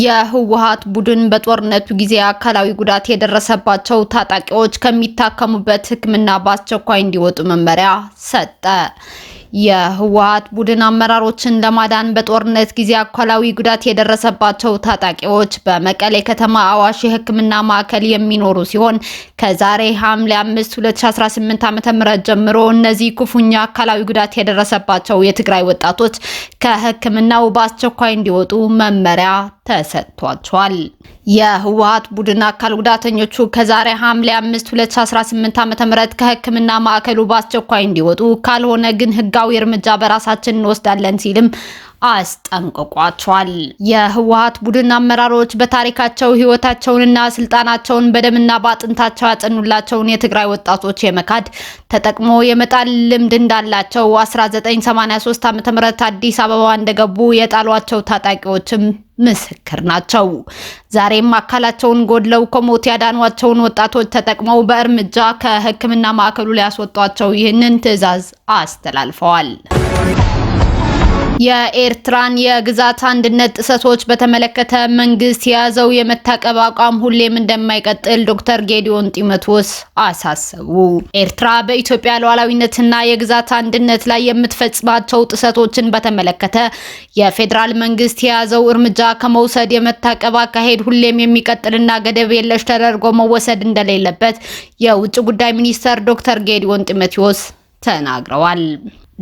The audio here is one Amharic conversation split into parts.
የህወሀት ቡድን በጦርነቱ ጊዜ አካላዊ ጉዳት የደረሰባቸው ታጣቂዎች ከሚታከሙበት ሕክምና በአስቸኳይ እንዲወጡ መመሪያ ሰጠ። የህወሀት ቡድን አመራሮችን ለማዳን በጦርነት ጊዜ አካላዊ ጉዳት የደረሰባቸው ታጣቂዎች በመቀሌ ከተማ አዋሽ የህክምና ማዕከል የሚኖሩ ሲሆን ከዛሬ ሐምሌ 5 2018 ዓ.ም ጀምሮ እነዚህ ክፉኛ አካላዊ ጉዳት የደረሰባቸው የትግራይ ወጣቶች ከህክምናው በአስቸኳይ እንዲወጡ መመሪያ ተሰጥቷቸዋል። የህወሀት ቡድን አካል ጉዳተኞቹ ከዛሬ ሐምሌ 5 2018 ዓ.ም ከህክምና ማዕከሉ በአስቸኳይ እንዲወጡ ካልሆነ ግን ህጋዊ እርምጃ በራሳችን እንወስዳለን ሲልም አስጠንቅቋቸዋል። የህወሀት ቡድን አመራሮች በታሪካቸው ህይወታቸውንና ስልጣናቸውን በደምና በአጥንታቸው ያጸኑላቸውን የትግራይ ወጣቶች የመካድ ተጠቅሞ የመጣል ልምድ እንዳላቸው 1983 ዓ ም አዲስ አበባ እንደገቡ የጣሏቸው ታጣቂዎችም ምስክር ናቸው። ዛሬም አካላቸውን ጎድለው ከሞት ያዳኗቸውን ወጣቶች ተጠቅመው በእርምጃ ከህክምና ማዕከሉ ሊያስወጧቸው ይህንን ትዕዛዝ አስተላልፈዋል። የኤርትራን የግዛት አንድነት ጥሰቶች በተመለከተ መንግስት የያዘው የመታቀብ አቋም ሁሌም እንደማይቀጥል ዶክተር ጌዲዮን ጢሞቴዎስ አሳሰቡ። ኤርትራ በኢትዮጵያ ሉዓላዊነትና የግዛት አንድነት ላይ የምትፈጽማቸው ጥሰቶችን በተመለከተ የፌዴራል መንግስት የያዘው እርምጃ ከመውሰድ የመታቀብ አካሄድ ሁሌም የሚቀጥልና ገደብ የለሽ ተደርጎ መወሰድ እንደሌለበት የውጭ ጉዳይ ሚኒስተር ዶክተር ጌዲዮን ጢሞቴዎስ ተናግረዋል።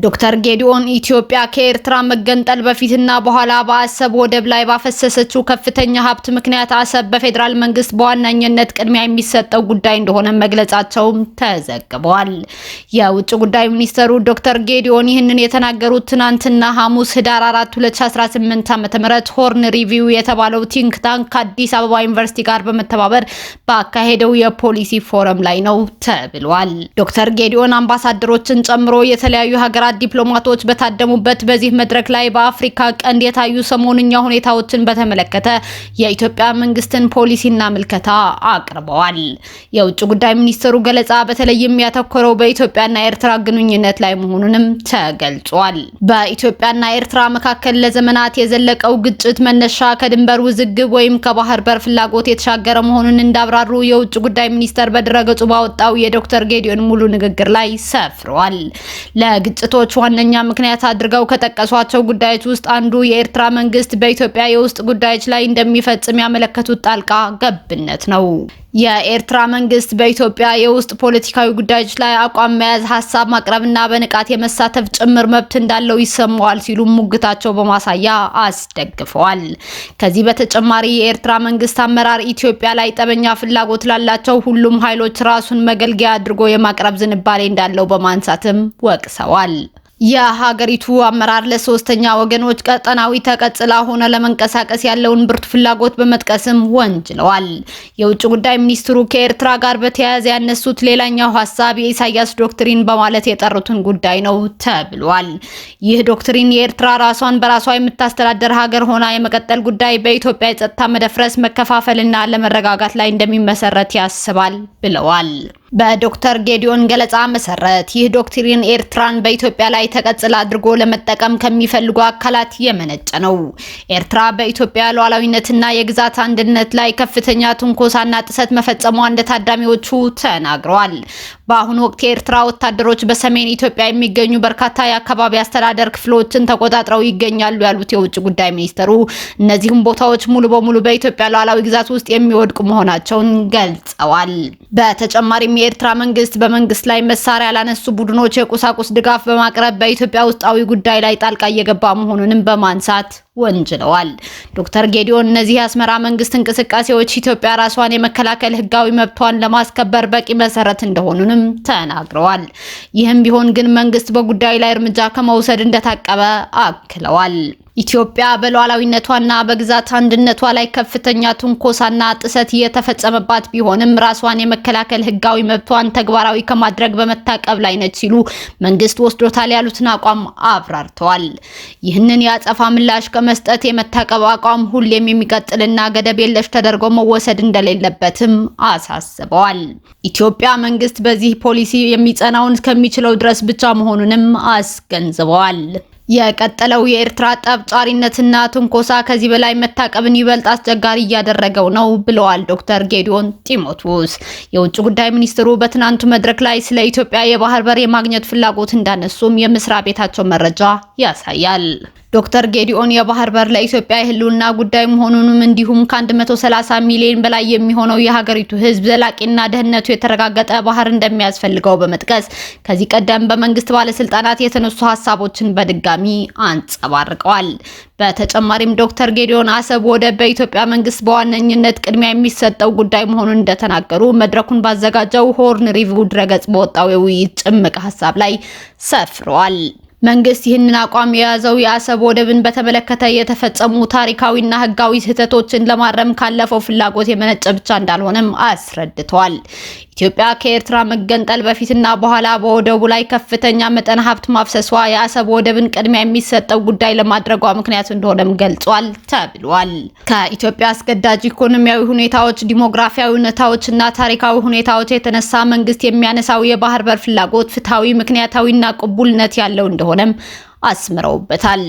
ዶክተር ጌዲኦን ኢትዮጵያ ከኤርትራ መገንጠል በፊትና በኋላ በአሰብ ወደብ ላይ ባፈሰሰችው ከፍተኛ ሀብት ምክንያት አሰብ በፌዴራል መንግስት በዋነኝነት ቅድሚያ የሚሰጠው ጉዳይ እንደሆነ መግለጻቸውም ተዘግበዋል። የውጭ ጉዳይ ሚኒስተሩ ዶክተር ጌዲኦን ይህንን የተናገሩት ትናንትና ሐሙስ ህዳር 4 2018 ዓ.ም ሆርን ሪቪው የተባለው ቲንክ ታንክ ከአዲስ አበባ ዩኒቨርሲቲ ጋር በመተባበር ባካሄደው የፖሊሲ ፎረም ላይ ነው ተብሏል። ዶክተር ጌዲኦን አምባሳደሮችን ጨምሮ የተለያዩ ሀገራት ዲፕሎማቶች በታደሙበት በዚህ መድረክ ላይ በአፍሪካ ቀንድ የታዩ ሰሞንኛ ሁኔታዎችን በተመለከተ የኢትዮጵያ መንግስትን ፖሊሲና ምልከታ አቅርበዋል። የውጭ ጉዳይ ሚኒስትሩ ገለጻ በተለይም ያተኮረው በኢትዮጵያና ኤርትራ ግንኙነት ላይ መሆኑንም ተገልጿል። በኢትዮጵያና ኤርትራ መካከል ለዘመናት የዘለቀው ግጭት መነሻ ከድንበር ውዝግብ ወይም ከባህር በር ፍላጎት የተሻገረ መሆኑን እንዳብራሩ የውጭ ጉዳይ ሚኒስተር በድረገጹ ባወጣው የዶክተር ጌዲዮን ሙሉ ንግግር ላይ ሰፍሯል። ለግጭት ግጭቶች ዋነኛ ምክንያት አድርገው ከጠቀሷቸው ጉዳዮች ውስጥ አንዱ የኤርትራ መንግስት በኢትዮጵያ የውስጥ ጉዳዮች ላይ እንደሚፈጽም ያመለከቱት ጣልቃ ገብነት ነው። የኤርትራ መንግስት በኢትዮጵያ የውስጥ ፖለቲካዊ ጉዳዮች ላይ አቋም መያዝ፣ ሀሳብ ማቅረብና በንቃት የመሳተፍ ጭምር መብት እንዳለው ይሰማዋል ሲሉ ሙግታቸው በማሳያ አስደግፈዋል። ከዚህ በተጨማሪ የኤርትራ መንግስት አመራር ኢትዮጵያ ላይ ጠበኛ ፍላጎት ላላቸው ሁሉም ኃይሎች ራሱን መገልገያ አድርጎ የማቅረብ ዝንባሌ እንዳለው በማንሳትም ወቅሰዋል። የሀገሪቱ አመራር ለሶስተኛ ወገኖች ቀጠናዊ ተቀጽላ ሆነ ለመንቀሳቀስ ያለውን ብርቱ ፍላጎት በመጥቀስም ወንጅለዋል። የውጭ ጉዳይ ሚኒስትሩ ከኤርትራ ጋር በተያያዘ ያነሱት ሌላኛው ሀሳብ የኢሳያስ ዶክትሪን በማለት የጠሩትን ጉዳይ ነው ተብሏል። ይህ ዶክትሪን የኤርትራ ራሷን በራሷ የምታስተዳደር ሀገር ሆና የመቀጠል ጉዳይ በኢትዮጵያ የጸጥታ መደፍረስ፣ መከፋፈልና ለመረጋጋት ላይ እንደሚመሰረት ያስባል ብለዋል። በዶክተር ጌዲዮን ገለጻ መሰረት ይህ ዶክትሪን ኤርትራን በኢትዮጵያ ላይ ተቀጽል አድርጎ ለመጠቀም ከሚፈልጉ አካላት የመነጨ ነው። ኤርትራ በኢትዮጵያ ሉዓላዊነትና የግዛት አንድነት ላይ ከፍተኛ ትንኮሳና ጥሰት መፈጸሟ እንደ ታዳሚዎቹ ተናግረዋል። በአሁኑ ወቅት የኤርትራ ወታደሮች በሰሜን ኢትዮጵያ የሚገኙ በርካታ የአካባቢ አስተዳደር ክፍሎችን ተቆጣጥረው ይገኛሉ ያሉት የውጭ ጉዳይ ሚኒስትሩ እነዚህም ቦታዎች ሙሉ በሙሉ በኢትዮጵያ ሉዓላዊ ግዛት ውስጥ የሚወድቁ መሆናቸውን ገልጸዋል። በተጨማሪም የኤርትራ መንግስት በመንግስት ላይ መሳሪያ ላነሱ ቡድኖች የቁሳቁስ ድጋፍ በማቅረብ በኢትዮጵያ ውስጣዊ ጉዳይ ላይ ጣልቃ እየገባ መሆኑንም በማንሳት ወንጅለዋል። ዶክተር ጌዲዮን እነዚህ የአስመራ መንግስት እንቅስቃሴዎች ኢትዮጵያ ራሷን የመከላከል ህጋዊ መብቷን ለማስከበር በቂ መሰረት እንደሆኑንም ተናግረዋል። ይህም ቢሆን ግን መንግስት በጉዳዩ ላይ እርምጃ ከመውሰድ እንደታቀበ አክለዋል። ኢትዮጵያ በሉዓላዊነቷና በግዛት አንድነቷ ላይ ከፍተኛ ትንኮሳና ጥሰት እየተፈጸመባት ቢሆንም ራሷን የመከላከል ሕጋዊ መብቷን ተግባራዊ ከማድረግ በመታቀብ ላይ ነች ሲሉ መንግስት ወስዶታል ያሉትን አቋም አብራርተዋል። ይህንን የአጸፋ ምላሽ ከመስጠት የመታቀብ አቋም ሁሌም የሚቀጥልና ገደብ የለሽ ተደርጎ መወሰድ እንደሌለበትም አሳስበዋል። ኢትዮጵያ መንግስት በዚህ ፖሊሲ የሚጸናውን እስከሚችለው ድረስ ብቻ መሆኑንም አስገንዝበዋል። የቀጠለው የኤርትራ ጠብጫሪነትና ትንኮሳ ከዚህ በላይ መታቀብን ይበልጥ አስቸጋሪ እያደረገው ነው ብለዋል ዶክተር ጌዲዮን ጢሞቴዎስ። የውጭ ጉዳይ ሚኒስትሩ በትናንቱ መድረክ ላይ ስለ ኢትዮጵያ የባህር በር የማግኘት ፍላጎት እንዳነሱም የመስሪያ ቤታቸው መረጃ ያሳያል። ዶክተር ጌዲኦን የባህር በር ለኢትዮጵያ የህልውና ጉዳይ መሆኑንም እንዲሁም ከ130 ሚሊዮን በላይ የሚሆነው የሀገሪቱ ህዝብ ዘላቂና ደህንነቱ የተረጋገጠ ባህር እንደሚያስፈልገው በመጥቀስ ከዚህ ቀደም በመንግስት ባለስልጣናት የተነሱ ሀሳቦችን በድጋሚ አንጸባርቀዋል። በተጨማሪም ዶክተር ጌዲዮን አሰብ ወደብ በኢትዮጵያ መንግስት በዋነኝነት ቅድሚያ የሚሰጠው ጉዳይ መሆኑን እንደተናገሩ መድረኩን ባዘጋጀው ሆርን ሪቪው ድረገጽ በወጣው የውይይት ጭምቅ ሀሳብ ላይ ሰፍረዋል። መንግስት ይህንን አቋም የያዘው የአሰብ ወደብን በተመለከተ የተፈጸሙ ታሪካዊና ህጋዊ ስህተቶችን ለማረም ካለፈው ፍላጎት የመነጨ ብቻ እንዳልሆነም አስረድተዋል። ኢትዮጵያ ከኤርትራ መገንጠል በፊትና በኋላ በወደቡ ላይ ከፍተኛ መጠን ሀብት ማፍሰሷ የአሰብ ወደብን ቅድሚያ የሚሰጠው ጉዳይ ለማድረጓ ምክንያት እንደሆነም ገልጿል ተብሏል። ከኢትዮጵያ አስገዳጅ ኢኮኖሚያዊ ሁኔታዎች፣ ዲሞግራፊያዊ ሁኔታዎች እና ታሪካዊ ሁኔታዎች የተነሳ መንግስት የሚያነሳው የባህር በር ፍላጎት ፍትሐዊ፣ ምክንያታዊና ቅቡልነት ያለው እንደሆነም አስምረውበታል።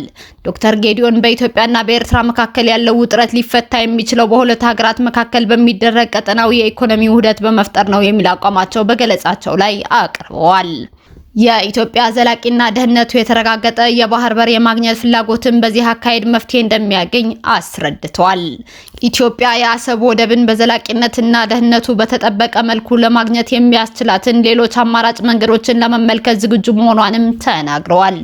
ዶክተር ጌዲዮን በኢትዮጵያና በኤርትራ መካከል ያለው ውጥረት ሊፈታ የሚችለው በሁለት ሀገራት መካከል በሚደረግ ቀጠናዊ የኢኮኖሚ ውህደት በመፍጠር ነው የሚል አቋማቸው በገለጻቸው ላይ አቅርበዋል። የኢትዮጵያ ዘላቂና ደህንነቱ የተረጋገጠ የባህር በር የማግኘት ፍላጎትን በዚህ አካሄድ መፍትሄ እንደሚያገኝ አስረድተዋል። ኢትዮጵያ የአሰብ ወደብን በዘላቂነትና ደህንነቱ በተጠበቀ መልኩ ለማግኘት የሚያስችላትን ሌሎች አማራጭ መንገዶችን ለመመልከት ዝግጁ መሆኗንም ተናግረዋል።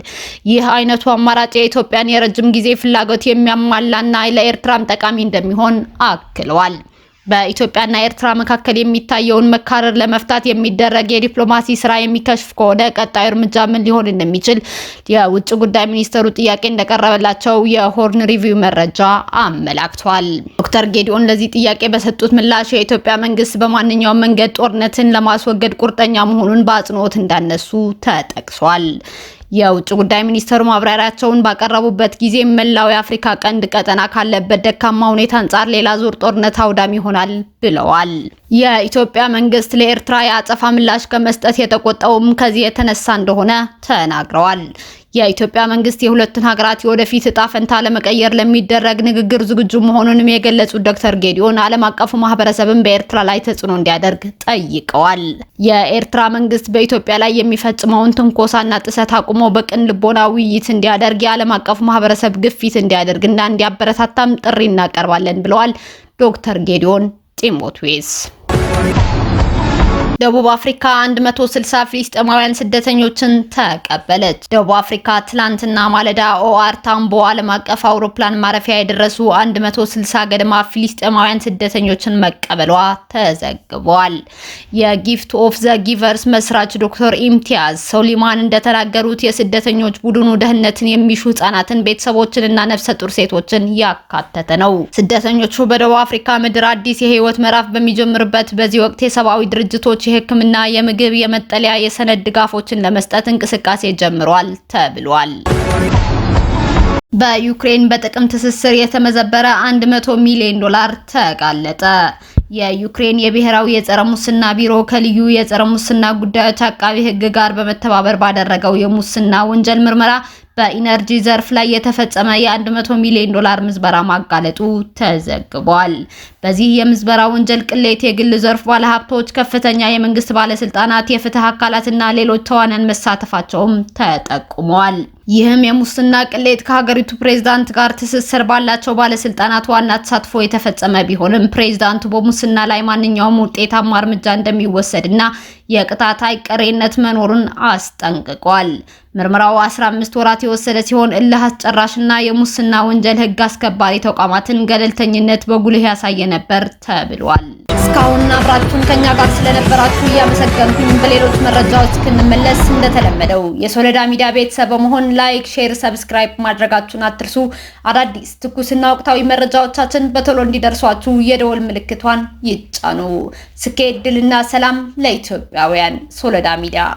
ይህ አይነቱ አማራጭ የኢትዮጵያን የረጅም ጊዜ ፍላጎት የሚያሟላና ለኤርትራም ጠቃሚ እንደሚሆን አክለዋል። በኢትዮጵያና ኤርትራ መካከል የሚታየውን መካረር ለመፍታት የሚደረግ የዲፕሎማሲ ስራ የሚከሽፍ ከሆነ ቀጣዩ እርምጃ ምን ሊሆን እንደሚችል የውጭ ጉዳይ ሚኒስተሩ ጥያቄ እንደቀረበላቸው የሆርን ሪቪው መረጃ አመላክቷል። ዶክተር ጌዲዮን ለዚህ ጥያቄ በሰጡት ምላሽ የኢትዮጵያ መንግስት በማንኛውም መንገድ ጦርነትን ለማስወገድ ቁርጠኛ መሆኑን በአጽንኦት እንዳነሱ ተጠቅሷል። የውጭ ጉዳይ ሚኒስትሩ ማብራሪያቸውን ባቀረቡበት ጊዜ መላው የአፍሪካ ቀንድ ቀጠና ካለበት ደካማ ሁኔታ አንጻር ሌላ ዙር ጦርነት አውዳሚ ይሆናል ብለዋል። የኢትዮጵያ መንግስት ለኤርትራ የአጸፋ ምላሽ ከመስጠት የተቆጠውም ከዚህ የተነሳ እንደሆነ ተናግረዋል። የኢትዮጵያ መንግስት የሁለቱን ሀገራት የወደፊት እጣ ፈንታ ለመቀየር ለሚደረግ ንግግር ዝግጁ መሆኑንም የገለጹት ዶክተር ጌዲዮን ዓለም አቀፉ ማህበረሰብን በኤርትራ ላይ ተጽዕኖ እንዲያደርግ ጠይቀዋል። የኤርትራ መንግስት በኢትዮጵያ ላይ የሚፈጽመውን ትንኮሳና ጥሰት አቁሞ በቅን ልቦና ውይይት እንዲያደርግ የዓለም አቀፉ ማህበረሰብ ግፊት እንዲያደርግና እንዲያበረታታም ጥሪ እናቀርባለን ብለዋል ዶክተር ጌዲዮን ጢሞቴዎስ ደቡብ አፍሪካ 160 ፍልስጤማውያን ስደተኞችን ተቀበለች። ደቡብ አፍሪካ ትላንትና ማለዳ ኦአር ታምቦ ዓለም አቀፍ አውሮፕላን ማረፊያ የደረሱ 160 ገደማ ፍልስጤማውያን ስደተኞችን መቀበሏ ተዘግቧል። የጊፍት ኦፍ ዘ ጊቨርስ መስራች ዶክተር ኢምቲያዝ ሶሊማን እንደተናገሩት የስደተኞች ቡድኑ ደህንነትን የሚሹ ህጻናትን፣ ቤተሰቦችንና ነፍሰ ጡር ሴቶችን ያካተተ ነው። ስደተኞቹ በደቡብ አፍሪካ ምድር አዲስ የህይወት ምዕራፍ በሚጀምርበት በዚህ ወቅት የሰብአዊ ድርጅቶች የሕክምና፣ የምግብ፣ የመጠለያ፣ የሰነድ ድጋፎችን ለመስጠት እንቅስቃሴ ጀምሯል ተብሏል። በዩክሬን በጥቅም ትስስር የተመዘበረ 100 ሚሊዮን ዶላር ተጋለጠ። የዩክሬን የብሔራዊ የጸረ ሙስና ቢሮ ከልዩ የጸረ ሙስና ጉዳዮች አቃቢ ህግ ጋር በመተባበር ባደረገው የሙስና ወንጀል ምርመራ በኢነርጂ ዘርፍ ላይ የተፈጸመ የ100 ሚሊዮን ዶላር ምዝበራ ማጋለጡ ተዘግቧል። በዚህ የምዝበራ ወንጀል ቅሌት የግል ዘርፍ ባለሀብቶች፣ ከፍተኛ የመንግስት ባለስልጣናት፣ የፍትህ አካላትና ሌሎች ተዋናን መሳተፋቸውም ተጠቁመዋል። ይህም የሙስና ቅሌት ከሀገሪቱ ፕሬዝዳንት ጋር ትስስር ባላቸው ባለስልጣናት ዋና ተሳትፎ የተፈጸመ ቢሆንም ፕሬዝዳንቱ በሙስና ላይ ማንኛውም ውጤታማ እርምጃ እንደሚወሰድና የቅጣት አይቀሬነት መኖሩን አስጠንቅቋል። ምርመራው 15 ወራት የወሰደ ሲሆን እልህ አስጨራሽና የሙስና ወንጀል ህግ አስከባሪ ተቋማትን ገለልተኝነት በጉልህ ያሳየ ነበር ተብሏል። እስካሁን አብራችሁን ከኛ ጋር ስለነበራችሁ እያመሰገንኩኝ በሌሎች መረጃዎች እስክንመለስ እንደተለመደው የሶለዳ ሚዲያ ቤተሰብ በመሆን ላይክ፣ ሼር፣ ሰብስክራይብ ማድረጋችሁን አትርሱ። አዳዲስ ትኩስና ወቅታዊ መረጃዎቻችን በቶሎ እንዲደርሷችሁ የደወል ምልክቷን ይጫኑ። ስኬት፣ ድልና ሰላም ለኢትዮጵያውያን። ሶሎዳ ሚዲያ